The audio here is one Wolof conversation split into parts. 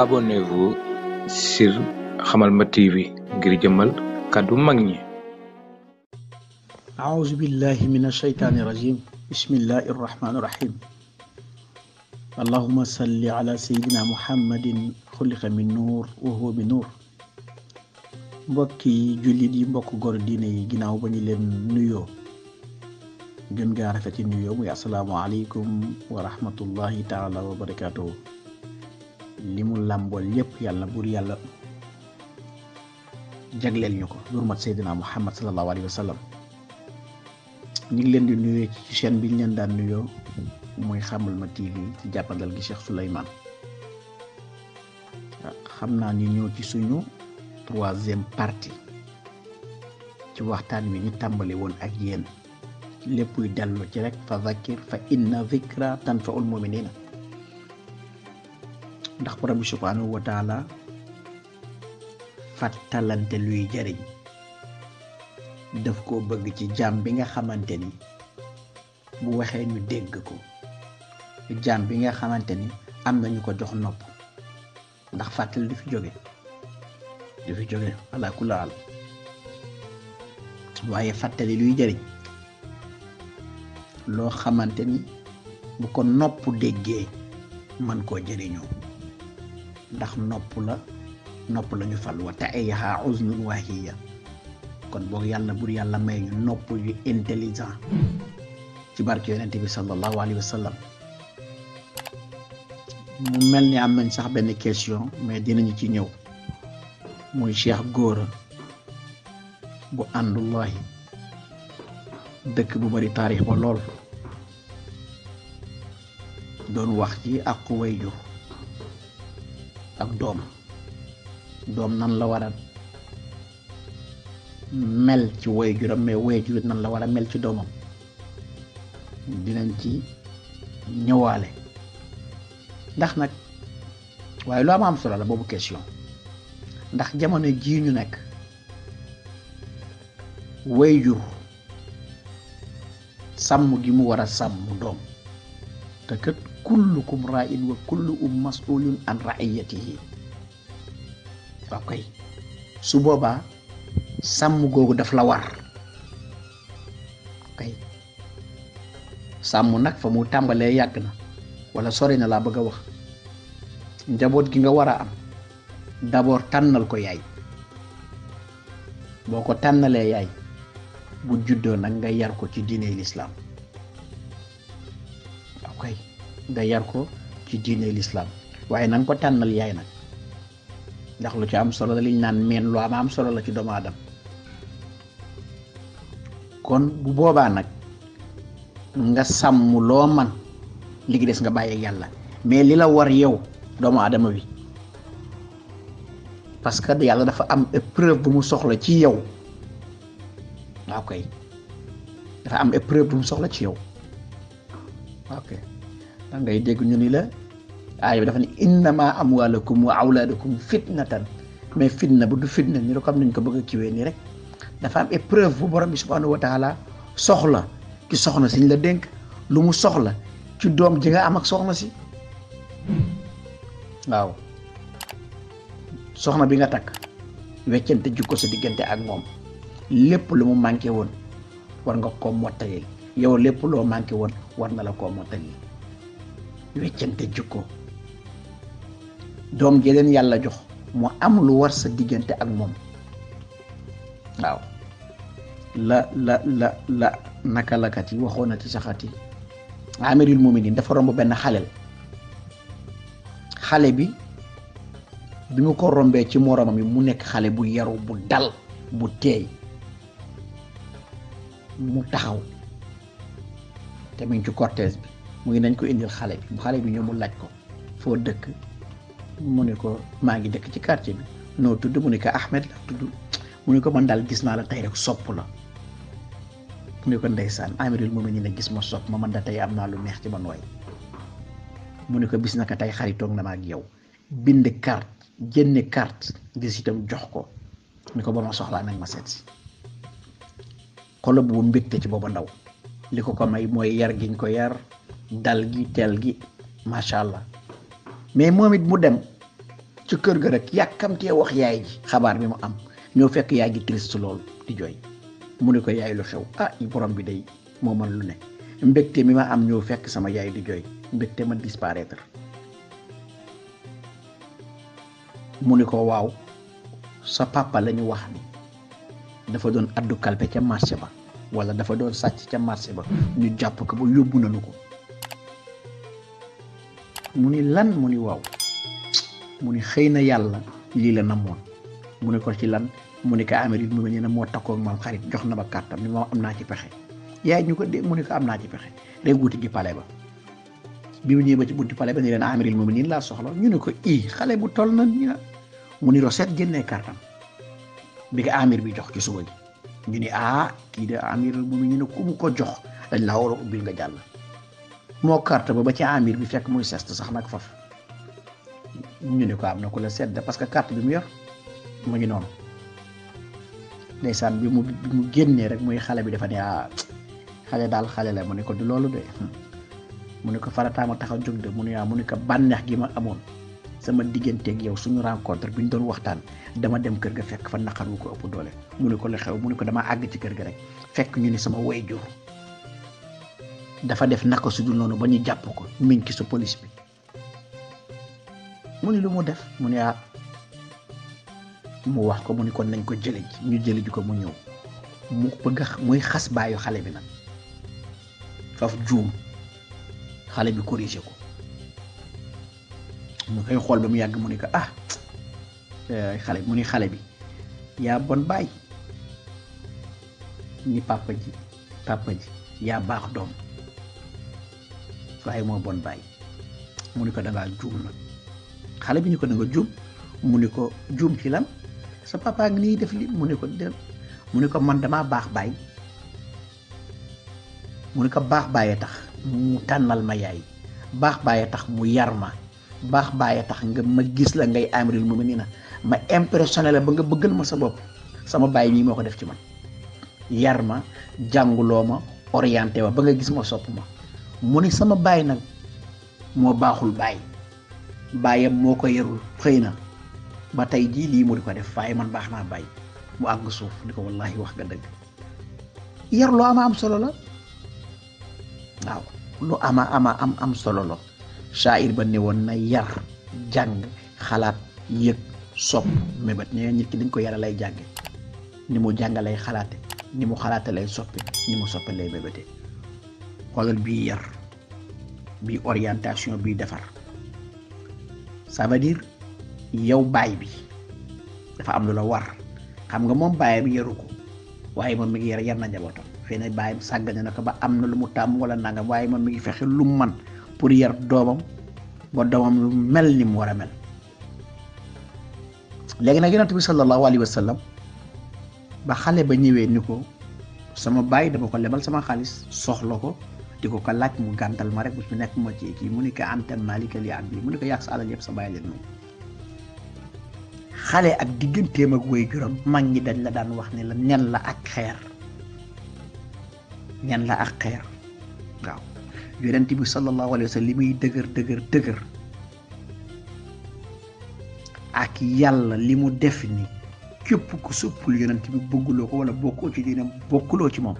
Abonnez-vous sur Hamalma TV ngir jëmmal Magni. mag ñi mina shaitani rajim. الشيطان الرجيم بسم الله الرحمن الرحيم اللهم صل على سيدنا محمد خلق من نور وهو بنور mbokki jullit yi mbokk yi ginnaaw ba gën gaa rafet ci nuyoo muy asalaamaaleykum wa rahmatullahi taala wa barakaatuhu li mu làmbool yépp yàlla buur yàlla jagleel ñu ko hurmat seydina muhammad salallahu alayhi wa sallam ñu ngi leen di nuyoo ci chaîne bi ñu leen daan nuyoo muy xamal ma TV ci jàppandal gi Cheikh Souleymane xam naa ni ñëw ci suñu troisième partie ci waxtaan wi ñu tàmbali woon ak yéen lépp luy dellu ci rek fa zakir fa inna zikra tanfaul muminina ndax borom bi subhanahu wa fàttalante luy jariñ daf ko bëgg ci jaam bi nga xamante ni bu waxee ñu dégg ko jaam bi nga xamante ni am nañu ko jox nopp ndax fàttali du fi jóge fi jóge waaye fàttali luy jariñ loo xamante ni bu ko nopp déggee mën koo jëriñoo ndax nopp la nopp lañu fal wa te ay haa uznun waahiya kon boog yàlla bu yàlla may ñu nopp yu intelligent ci barke yonent bi sallallahu alayhi wa sallam mu mel ni am nañ sax benn question mais dinañu ci ñëw muy Cheikh Gora bu àndullahi dëkk bu bari taarix ba lool doon wax ci àqu wayjur ak doom doom nan la war a mel ci wayjuram mais wayjurit nan la war a mel ci doomam dinañ ci ñëwaale ndax nag waaye lu am am solo la boobu question ndax jamono jii ñu nekk wayjur sam gi mu wara sam sàmm doom te kat kullukum ra'in wa kullu mas'ulun an ra'iyatihi waaw kay su boba sam gogu daf la war kay sam nak fa mu tambale yàgg na wala sori na la bëgg wax njabot gi nga wara am d'abord tanal ko yaay boko tanale bu juddoo nag nga yar ko ci diine l'islam ok nga yar ko ci diine l'islam waaye na nga ko tànnal yaay nag ndax lu ci am solo la liñ naan meen am am solo la ci doomu adam kon bu boobaa nag nga sàmm loo man ligi des nga bàyyi yàlla mais li war yow doomu aadama bi parce que yàlla dafa am épreuve bu mu soxla ci yow waaw kay dafa am épreuve bu mu soxla ci yow waaw kay da ngay dégg ñu ni la aaya bi dafa ne innama amwalukum wa awlaadukum mais fitna bu du fitna ni la comme nañ ko bëgg a kiwee nii rek dafa am épreuve bu borom bi subhanahu wa soxla ci soxna siñ la dénk lu mu soxla ci doom ji nga am ak soxna si waaw soxna bi nga takk weccante jikko sa diggante ak moom lépp lu mu manqué woon war nga koo mottalil yow lépp loo manqué woon war na la koo mottalil weccante jikko doom ji leen yàlla jox mu am lu war sa diggante ak moom waaw la la la la naka lakat yi waxoonati saxati amirul muminin dafa romb benn xaleel xale bi bi mu ko rombee ci moromam yi mu nekk xale bu yaru bu dal bu teey mu taxaw te mu ngi ci cortège bi mu ngi nañ ko indil xale bi xale bi ñëw laaj ko foo dëkk mu ne ko maa ngi dëkk ci quartier bi noo tudd mu ne ko Ahmed la tudd mu ne ko man daal gis naa la tey sopp la mu ne ko ndeysaan amiril moom ñu ne gis ma sopp ma man da tey am naa lu neex ci man waay mu ne ko bis naka tey xaritoog na ma ak yow bind carte jënne carte gis itam jox ko ni ko ba ma soxlaa nag ma seet si kolob bu mbekté ci booba ndaw liko ko may moy yar giñ ko yar dal gi tel gi machallah mais momit mu dem ci kër ga rek wax yaay ji xabar bi mu am ñëw fekk yaay ji triste lool di joy mu ne ko yaay lu xew ah borom bi day moo man lu ne mbekté mi ma am ñëw fekk sama yaay di joy mbekté ma disparaître mu ne ko waaw sa papa lañu wax ni dafa doon addu kalpé ca marché ba wala dafa doon sàcc ca marché ba ñu jàpp ko ba yóbbu nañu ko mu ni lan mu ni waaw mu ni xëy na yàlla lii la namoon mu ne ko ci lan mu ni ko amérique mu ne moo takkoog maam xarit jox na ba kàttam ni moom am naa ci pexe yaay ñu ko dé mu ko am naa ci pexe day wuti ji ba bi mu ñëwee ba ci bunti pale ba ni leen amérique mu nii laa soxla ñu ne ko i xale bu toll na ñu mu roset génnee kàttam bi ko amir bi jox ci suba ñu a ah amir bu ñu ne ku mu ko jox dañ la war nga jall mo carte ba ba ci amir bi fekk muy sest sax nak faf ñu ne ko am na ku la sedd parce que carte bi mu yor mu ngi non ndaysan bi mu bi mu génnee ya, rek muy xalé bi dafa ne ah xalé dal xalé la ya, hmm. mu ne ko du lolu de mu ne ko taxaw jog de mu ne ya mu ne ko banex ya, gi ma amone sama digganteeg yow suñu rencontre bi ñu doon waxtaan dama dem kër ga fekk fa naqar wu ko ëpp doole mu ne ko la xew mu ne ko dama àgg ci kër gi rek fekk ñu ni sama wayjur dafa def naka su dul noonu ba ñu jàpp ko miñ ki sa police bi mu ne lu mu def mu ne ah mu wax ko mu ne kon nañ ko jële ji ñu jële ji ko mu ñëw mu bëgg muy xas bàyyi xale bi nag faf juum xale bi corrigé ko mu koy xool ba mu yàgg ko ah xale ya, mu ni xale bi ya bon baay ni papa ji papa ji yaa baax doom waaye moo bon baay mu ni ko dangaa juum nag bi ni ko da nga juum mu ni ko juum ci ah, lan sa papa ngi nii def li mu ni ko de mu ni ko man damaa baax mu ni ko baax baayee tax mu tànnal ma yaay baax baayee tax mu yar ma baax baye tax nga ma gis la ngay muminina ma impressioné la ba nga bëggal ma sa bop sama baye mii moko yarma, def ci man yarma muni orienté wa ba nga gis ma sopuma sama baye nag mo baaxul baye baye moko ko yarul ba tay ji li mu diko def faay man baax baye mu ag suuf wah wallahi wax ga deug yar lo ama am solo la waaw lu ama ama am am solo la shaayir ba ne woon na yar jàng xalaat yëg sopp mébat ñee nit ki dañ ko yara lay jànge ni mu jàng lay xalaate ni mu xalaate lay ni mu soppe lay mébéte xoolal bii yar bii orientation bii defar ça veut yow baay bi dafa am lu la war xam nga moom baayam yaru ko waaye moom mi ngi yar yar na njabootam fii ne sàgg sàggane na ko ba am na lu mu tàmm wala nangam waaye moom mi ngi fexe lu mu man pour yar doomam ba doomam lu mel ni mu war a mel léegi nag yonent bi sallallahu alayhi wa sallam ba xale ba ñëwee ni ko sama baay dama ko lebal sama xaalis soxla ko di ko ko laaj mu gàntal ma rek bu su nekk ma ci kii mu ne ko anta yi li abdi mu ne ko yàq sa alal yëpp sa baay leen moom xale ak digganteem ak woy juróom mag ñi dañ la daan wax ne la nen la ak xeer nen la ak xeer waaw yonent bi sallallahu alayhi wa sallam li muy dëgër dëgër dëgër ak yàlla li mu def ni képp ku suppul yonent bi bëgguloo ko wala bokkoo ci diine bokkuloo ci moom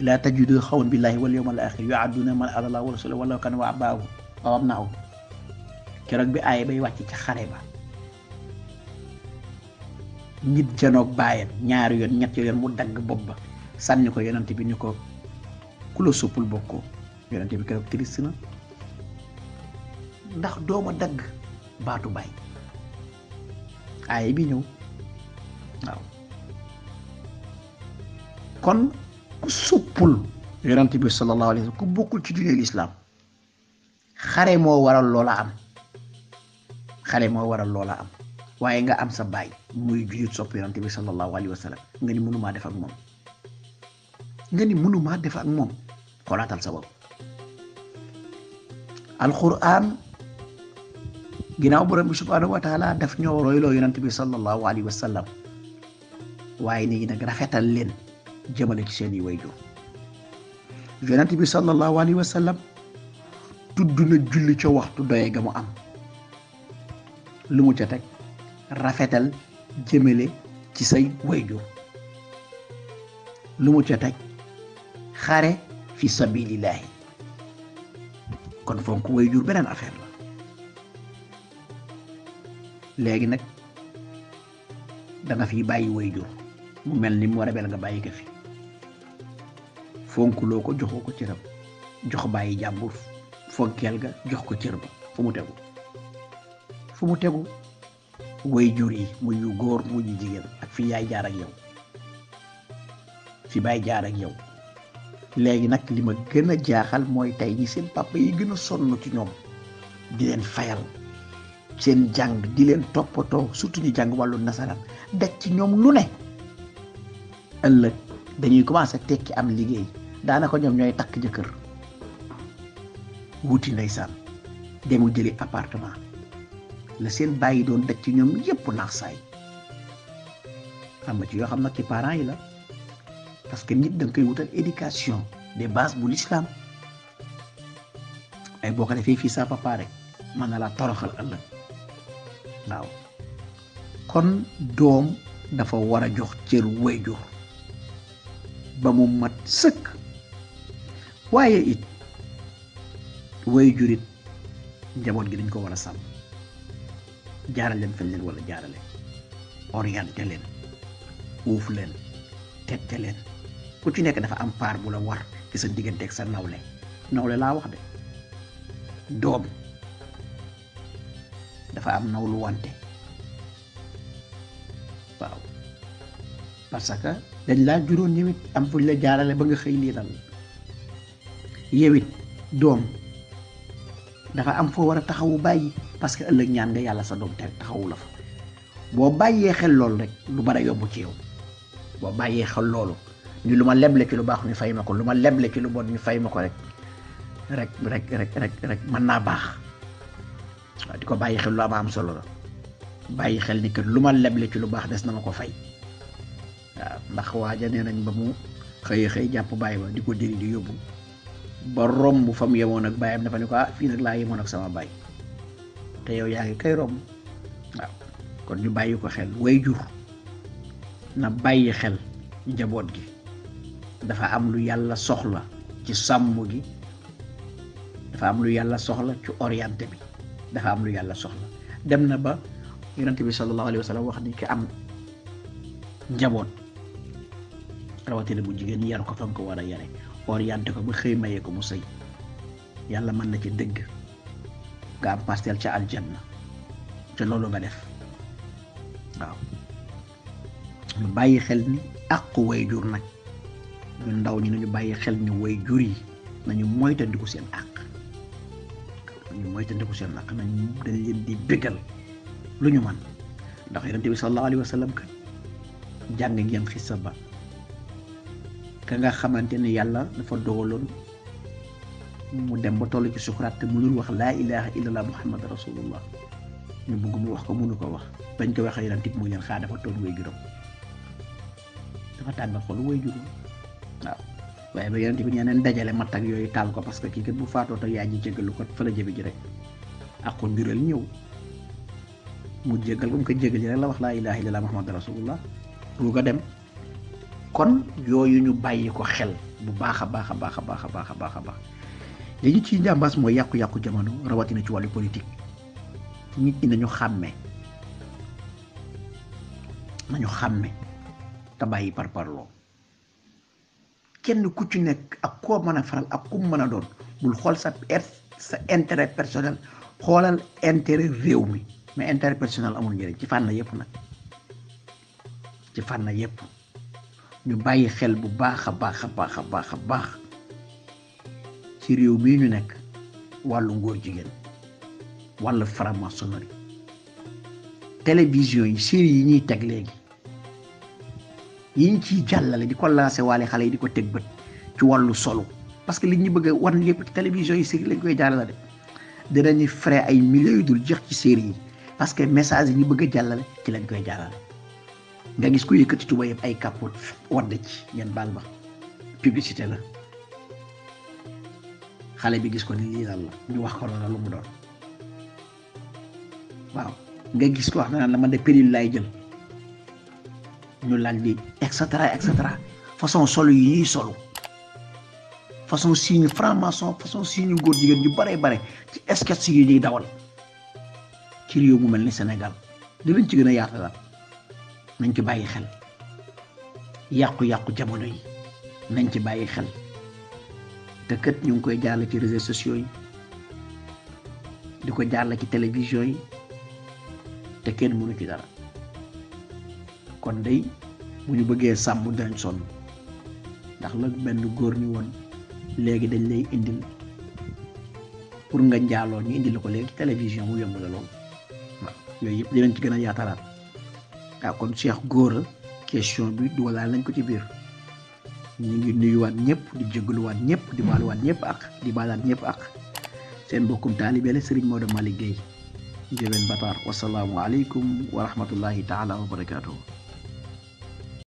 laa tajidu xawan billahi wal yawmal axir yuadduna man wa rasula wala kan wa abaahu aw abnaahu keroog bi aaya bay wàcc ci xare ba nit janoog bàyyam ñaari yoon ñett yoon mu dagg bopp ba ko yonent bi ñu ko ku la soppul bokkoo yonent bi keroog triste na ndax doomu dagg baatu baay aay bi ñëw waaw kon ku soppul yonent bi sallallahu alayhi wa sallam ku bokkul ci diineel islaam xare moo waral loola am xare moo waral loola am waaye nga am sa baay muy jullit sopp yonent bi sallallahu alayhi wa sallam nga ni mënumaa def ak moom nga ni mënumaa def ak moom xoolaatal sa bopp alquran ginnaaw borom bi subhanahu wa taala ñoo royloo yonent bi sallallahu alayhi wa sallam waaye nit nag rafetal leen jëmale ci seen i wayjur yonent bi sallallahu alayhi wa sallam tudd na julli ca waxtu doye ga mu am lu mu ca teg rafetal jëmale ci say wayjur lu mu ca teg xare fi sabilillahi kon fonk way jur beneen affaire la léegi nag da nga fi bàyyi way mu mel ni mu war a nga bàyyi ko fi fonkuloo ko joxoo ko cëram jox bàyyi jàmbur fonkeel ga jox ko cër fu mu tegu fu mu tegu way jur yi mu ñu góor mu ñu jigéen ak fi yaay jaar ak yow fi bàyyi jaar ak yow léegi nag li ma gën a jaaxal mooy tey ñi seen papa yi gën a sonn ci ñoom di leen fayal seen jàng di leen toppatoo surtout ñu jàng wàllu nasaraan daj ci ñoom lu ne ëllëg dañuy commencé tekki am liggéey daanaka ñoom ñooy takk jëkkër wuti ndeysaan demu jëli appartement la seen bàyyi doon daj ci ñoom yépp naax saay am na ci yoo xam nag ci parents yi la parce que nit da nga koy wutal éducation des bases bu l'islam ay boo ko fii sa papa rek mën na laa toroxal ëllëg waaw kon doom dafa war a jox cër wayjur ba mu mat sëkk waaye it wayjur it njaboot gi dañ ko war a sàmm jaarale leen fañ leen wala jaarale orienté leen uuf leen tette leen ku ci nekk dafa am part bu la war ci sa diggante ak sa nawle nawle laa wax de doom dafa am nawlu wante waaw parce que dañ laa juróon yewit am fuñ la jaarale ba nga xëy lii dal yewit doom dafa am foo war a taxawu bàyyi parce que ëllëg ñaan nga yàlla sa doom te taxawu la fa boo bàyyee xel loolu rek lu bara yomb ci yow boo bàyyee xel loolu ni lu ma leble ci lu baax ñu fay ma ko lu ma leble ci lu bon ñu fay ma ko rek rek rek rek rek mën naa baax di ko bàyyi xel lu am am solo la bàyyi xel ni que lu ma leble ci lu baax des na ma ko fay waaw ndax waaja nee nañ ba mu xëy xëy jàpp bàyyi ba di ko diri di yóbbu ba romb fa mu yemoon ak bàyyam dafa ne ko ah fii nag laa yemoon ak sama bàyyi te yow yaa ngi koy romb waaw kon ñu bàyyi ko xel way jur na bàyyi xel njaboot gi dafa am lu yàlla soxla ci sàmm gi dafa am lu yàlla soxla ci orienté bi dafa am lu yàlla soxla dem na ba yonent bi sallallahu alayhi wa wax ni ki am njaboot rawatina bu jigéen yar ko fa nga ko war a yare orienté ko ba xëy mayee ko mu sëy yàlla mën na ci dëgg nga am pastel ca aljanna ca loolu nga def waaw ñu bàyyi xel ni àqu way nag ñu ndaw ñi nañu bàyyi xel ñu way jur yi nañu moytandiku seen àq nañu moytandiku seen àq nañu dañ leen di bégal lu ñu man ndax yonente bi sallallahu alayhi wasallam sallam kat jàng ngeen xissa ba ka nga xamante ne yàlla dafa dogaloon mu dem ba toll ci sukuraat te mënul wax laa ilaha illallah muhammad rasulullah ñu bëgg mu wax ko mënu ko wax bañ ko waxee yonente bi mu leen xaa dafa toon way juróom dafa tànn xol way juróom Nah, waaye ba yonent bi nee neen dajale matt ak yooyu taal ko parce que ya kat bu faatoo te yaa ji jégalu ko fa la jëme ji rek aqu mbiral ñëw mu jégal ko mu ko jégal ji rek la wax laa ilaha illallah muhammad rasulullah ruuga dem kon yooyu ñu bàyyi ko xel bu baax a baax a baax a baax a baax a baax a baax léegi ci njàmbaas mooy yàqu-yàqu jamono rawatina ci wàllu politique nit ñi nañu xàmme nañu kenn ku ci nekk ak koo mën a faral ak ku mën a doon bul xool sa sa intérêt personnel xoolal intérêt réew mais intérêt personnel amul njëriñ ci fànn yëpp nag ci fànn yëpp ñu bàyyi xel bu baax a baax a baax a baax a baax ci réew mii ñu nekk wàllu ngóor jigéen wàllu franc-maçonnerie télévision yi série yi ñuy teg léegi yiñ ci jàllale di ko lancé waale xale yi di ko teg bët ci wàllu solo parce que li ñi bëgg war lépp ci télévision yi série lañ koy jàllale de dinañu frais ay milliers yu dul jeex ci série yi parce que message yi ñi bëgg jàllale ci lañ koy jàllale nga gis ku yëkkati tuba yëpp ay kapot wadd ci ngeen baal ba publicité la xale bi gis ko ni lii lan la ñu wax ko la lu mu doon waaw nga gis ko wax na la man de péril laay jël ñu laal di et cetera et cetera façon solo yi ñuy solo façon signe franc-maçon façon signe góor jigéen ñu bare bare ci sketch yi ñuy dawal ci réew mu mel ni Sénégal dinañ ci gën a la nañ ci bàyyi xel yàqu-yàqu jamono yi nañ ci bàyyi xel te kët ñu ngi koy jàll ci réseaux sociaux yi di ko jàll ci télévision yi te kenn mënu ci dara kon day bu ñu bëggee sàmm dañ sonn ndax la benn góor ñu woon léegi dañ lay indil pour nga njaaloo ñu indil ko léegi télévision mu yomb la lool waaw yooyu yëpp dinañ ci gën a yaatalaat waaw kon cheikh question bi dugalaal nañ ko ci biir ñu ngi nuyuwaat ñëpp di jégaluwaat ñëpp di baaluwaat ñëpp ak di baalaat ñëpp ak seen bokkum taalibe la Serigne Maodo Malick Gueye jëween batar wasalaamu wa taala wa